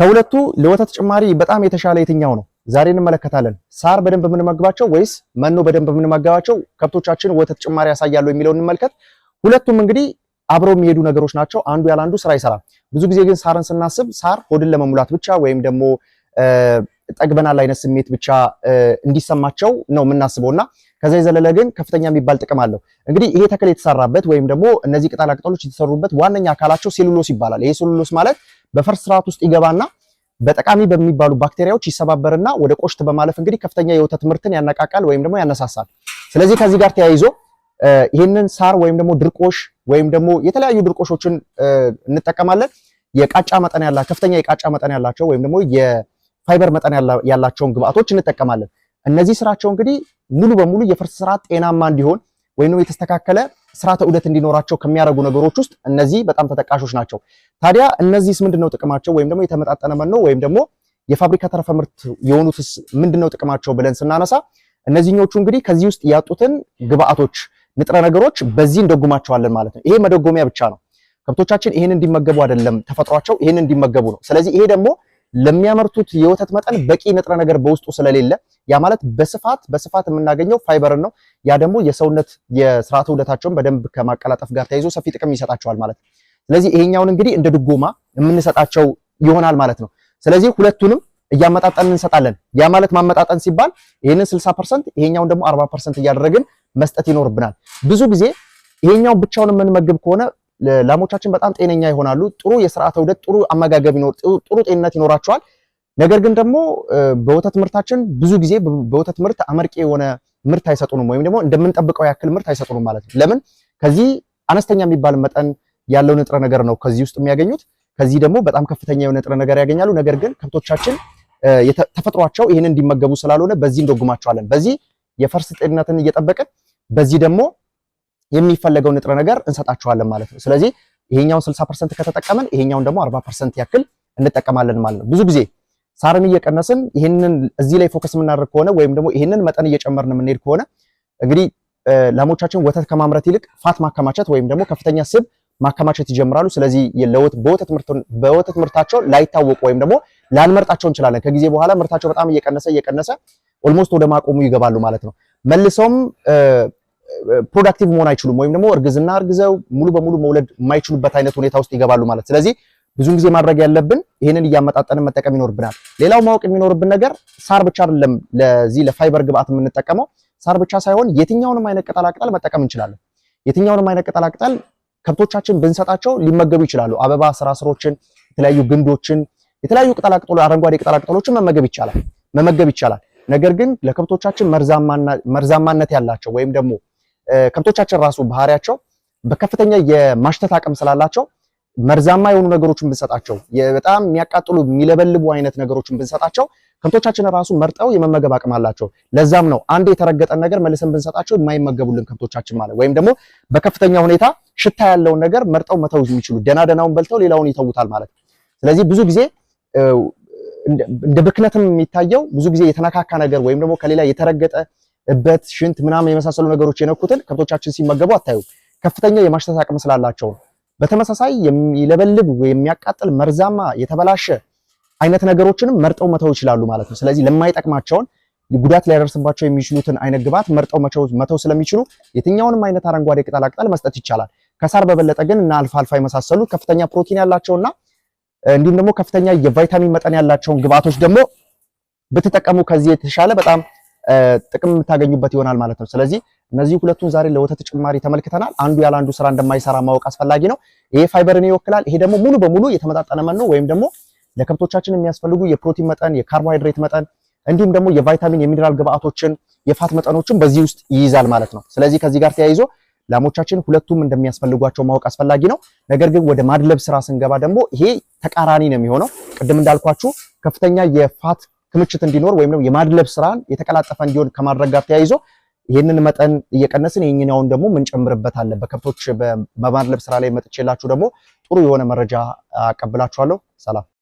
ከሁለቱ ለወተት ጭማሪ በጣም የተሻለ የትኛው ነው? ዛሬ እንመለከታለን። ሳር በደንብ የምንመግባቸው ወይስ መኖ በደንብ የምንመገባቸው ከብቶቻችን ወተት ጭማሪ ያሳያሉ የሚለው እንመልከት። ሁለቱም እንግዲህ አብረው የሚሄዱ ነገሮች ናቸው። አንዱ ያለ አንዱ ስራ ይሰራል። ብዙ ጊዜ ግን ሳርን ስናስብ ሳር ሆድን ለመሙላት ብቻ ወይም ደግሞ ጠግበናል አይነት ስሜት ብቻ እንዲሰማቸው ነው የምናስበውና ከዛ የዘለለ ግን ከፍተኛ የሚባል ጥቅም አለው። እንግዲህ ይሄ ተክል የተሰራበት ወይም ደግሞ እነዚህ ቅጠላ ቅጠሎች የተሰሩበት ዋነኛ አካላቸው ሴሉሎስ ይባላል። ይሄ ሴሉሎስ ማለት በፈርስ ስርዓት ውስጥ ይገባና በጠቃሚ በሚባሉ ባክቴሪያዎች ይሰባበርና ወደ ቆሽት በማለፍ እንግዲህ ከፍተኛ የወተት ምርትን ያነቃቃል ወይም ደግሞ ያነሳሳል። ስለዚህ ከዚህ ጋር ተያይዞ ይህንን ሳር ወይም ደግሞ ድርቆሽ ወይም ደግሞ የተለያዩ ድርቆሾችን እንጠቀማለን። የቃጫ መጠን ያላ ከፍተኛ የቃጫ መጠን ያላቸው ወይም ደግሞ የፋይበር መጠን ያላቸውን ግብአቶች እንጠቀማለን። እነዚህ ስራቸው እንግዲህ ሙሉ በሙሉ የፍርስ ስርዓት ጤናማ እንዲሆን ወይም የተስተካከለ ስርዓተ ዑደት እንዲኖራቸው ከሚያደርጉ ነገሮች ውስጥ እነዚህ በጣም ተጠቃሾች ናቸው። ታዲያ እነዚህስ ምንድነው ጥቅማቸው? ወይም ደግሞ የተመጣጠነ መኖ ወይም ደግሞ የፋብሪካ ተረፈ ምርት የሆኑትስ ምንድነው ጥቅማቸው ብለን ስናነሳ እነዚህኞቹ እንግዲህ ከዚህ ውስጥ ያጡትን ግብአቶች፣ ንጥረ ነገሮች በዚህ እንደጉማቸዋለን ማለት ነው። ይሄ መደጎሚያ ብቻ ነው። ከብቶቻችን ይሄን እንዲመገቡ አይደለም ተፈጥሯቸው፣ ይሄን እንዲመገቡ ነው። ስለዚህ ይሄ ደግሞ ለሚያመርቱት የወተት መጠን በቂ ንጥረ ነገር በውስጡ ስለሌለ ያ ማለት በስፋት በስፋት የምናገኘው ፋይበርን ነው። ያ ደግሞ የሰውነት የስርዓተ ውህደታቸውን በደንብ ከማቀላጠፍ ጋር ተይዞ ሰፊ ጥቅም ይሰጣቸዋል ማለት ነው። ስለዚህ ይሄኛውን እንግዲህ እንደ ድጎማ የምንሰጣቸው ይሆናል ማለት ነው። ስለዚህ ሁለቱንም እያመጣጠን እንሰጣለን። ያ ማለት ማመጣጠን ሲባል ይህንን 60% ይሄኛውን ደግሞ 40% እያደረግን መስጠት ይኖርብናል። ብዙ ጊዜ ይሄኛውን ብቻውን የምንመግብ ከሆነ ላሞቻችን በጣም ጤነኛ ይሆናሉ። ጥሩ የስርዓተ ውደት፣ ጥሩ አመጋገብ፣ ጥሩ ጤንነት ይኖራቸዋል። ነገር ግን ደግሞ በወተት ምርታችን ብዙ ጊዜ በወተት ምርት አመርቂ የሆነ ምርት አይሰጡንም ወይም ደግሞ እንደምንጠብቀው ያክል ምርት አይሰጡንም ማለት ነው። ለምን ከዚህ አነስተኛ የሚባል መጠን ያለው ንጥረ ነገር ነው ከዚህ ውስጥ የሚያገኙት። ከዚህ ደግሞ በጣም ከፍተኛ የሆነ ንጥረ ነገር ያገኛሉ። ነገር ግን ከብቶቻችን ተፈጥሯቸው ይህንን እንዲመገቡ ስላልሆነ በዚህ እንደጉማቸዋለን። በዚህ የፈርስ ጤንነትን እየጠበቅን በዚህ ደግሞ የሚፈለገው ንጥረ ነገር እንሰጣቸዋለን ማለት ነው። ስለዚህ ይሄኛውን 60% ከተጠቀምን ይሄኛውን ደግሞ 40% ያክል እንጠቀማለን ማለት ነው። ብዙ ጊዜ ሳርን እየቀነስን ይሄንን እዚህ ላይ ፎከስ የምናደርግ ከሆነ ወይም ደግሞ ይሄንን መጠን እየጨመርን የምንሄድ ከሆነ እንግዲህ ላሞቻችን ወተት ከማምረት ይልቅ ፋት ማከማቸት ወይም ደግሞ ከፍተኛ ስብ ማከማቸት ይጀምራሉ። ስለዚህ በወተት ምርታቸው ላይታወቁ ወይም ደግሞ ላንመርጣቸው እንችላለን። ከጊዜ በኋላ ምርታቸው በጣም እየቀነሰ እየቀነሰ ኦልሞስት ወደ ማቆሙ ይገባሉ ማለት ነው። መልሰውም ፕሮዳክቲቭ መሆን አይችሉም፣ ወይም ደግሞ እርግዝና እርግዘው ሙሉ በሙሉ መውለድ የማይችሉበት አይነት ሁኔታ ውስጥ ይገባሉ ማለት። ስለዚህ ብዙን ጊዜ ማድረግ ያለብን ይህንን እያመጣጠንን መጠቀም ይኖርብናል። ሌላው ማወቅ የሚኖርብን ነገር ሳር ብቻ አይደለም። ለዚህ ለፋይበር ግብአት የምንጠቀመው ሳር ብቻ ሳይሆን የትኛውንም አይነት ቅጠላቅጠል መጠቀም እንችላለን። የትኛውንም አይነት ቅጠላቅጠል ከብቶቻችን ብንሰጣቸው ሊመገቡ ይችላሉ። አበባ ስራስሮችን፣ የተለያዩ ግንዶችን፣ የተለያዩ ቅጠላቅጠሎ አረንጓዴ ቅጠላቅጠሎችን መመገብ ይቻላል መመገብ ይቻላል። ነገር ግን ለከብቶቻችን መርዛማነት ያላቸው ወይም ደግሞ ከብቶቻችን ራሱ ባህሪያቸው በከፍተኛ የማሽተት አቅም ስላላቸው መርዛማ የሆኑ ነገሮችን ብንሰጣቸው በጣም የሚያቃጥሉ የሚለበልቡ አይነት ነገሮችን ብንሰጣቸው ከብቶቻችን ራሱ መርጠው የመመገብ አቅም አላቸው። ለዛም ነው አንድ የተረገጠን ነገር መልሰን ብንሰጣቸው የማይመገቡልን ከብቶቻችን ማለት ወይም ደግሞ በከፍተኛ ሁኔታ ሽታ ያለውን ነገር መርጠው መተው የሚችሉ ደና ደናውን በልተው ሌላውን ይተውታል ማለት ስለዚህ ብዙ ጊዜ እንደ ብክነትም የሚታየው ብዙ ጊዜ የተነካካ ነገር ወይም ደግሞ ከሌላ የተረገጠ እበት፣ ሽንት ምናምን የመሳሰሉ ነገሮች የነኩትን ከብቶቻችን ሲመገቡ አታዩ ከፍተኛ የማሽተት አቅም ስላላቸው በተመሳሳይ የሚለበልብ የሚያቃጥል መርዛማ የተበላሸ አይነት ነገሮችንም መርጠው መተው ይችላሉ ማለት ነው። ስለዚህ ለማይጠቅማቸውን ጉዳት ሊያደርስባቸው የሚችሉትን አይነት ግብዓት መርጠው መተው ስለሚችሉ የትኛውንም አይነት አረንጓዴ ቅጠላቅጠል መስጠት ይቻላል። ከሳር በበለጠ ግን እና አልፋ አልፋ የመሳሰሉ ከፍተኛ ፕሮቲን ያላቸውና እንዲሁም ደግሞ ከፍተኛ የቫይታሚን መጠን ያላቸውን ግብዓቶች ደግሞ ብትጠቀሙ ከዚህ የተሻለ በጣም ጥቅም የምታገኙበት ይሆናል ማለት ነው። ስለዚህ እነዚህ ሁለቱን ዛሬ ለወተት ጭማሪ ተመልክተናል። አንዱ ያለ አንዱ ስራ እንደማይሰራ ማወቅ አስፈላጊ ነው። ይሄ ፋይበርን ይወክላል። ይሄ ደግሞ ሙሉ በሙሉ የተመጣጠነ መኖ ወይም ደግሞ ለከብቶቻችን የሚያስፈልጉ የፕሮቲን መጠን፣ የካርቦሃይድሬት መጠን እንዲሁም ደግሞ የቫይታሚን የሚኒራል ግብአቶችን የፋት መጠኖችን በዚህ ውስጥ ይይዛል ማለት ነው። ስለዚህ ከዚህ ጋር ተያይዞ ላሞቻችን ሁለቱም እንደሚያስፈልጓቸው ማወቅ አስፈላጊ ነው። ነገር ግን ወደ ማድለብ ስራ ስንገባ ደግሞ ይሄ ተቃራኒ ነው የሚሆነው። ቅድም እንዳልኳችሁ ከፍተኛ የፋት ክምችት እንዲኖር ወይም ደግሞ የማድለብ ስራን የተቀላጠፈ እንዲሆን ከማድረግ ጋር ተያይዞ ይህንን መጠን እየቀነስን ይህኛውን ደግሞ ምንጨምርበት አለ። በከብቶች በማድለብ ስራ ላይ መጥቼላችሁ ደግሞ ጥሩ የሆነ መረጃ አቀብላችኋለሁ። ሰላም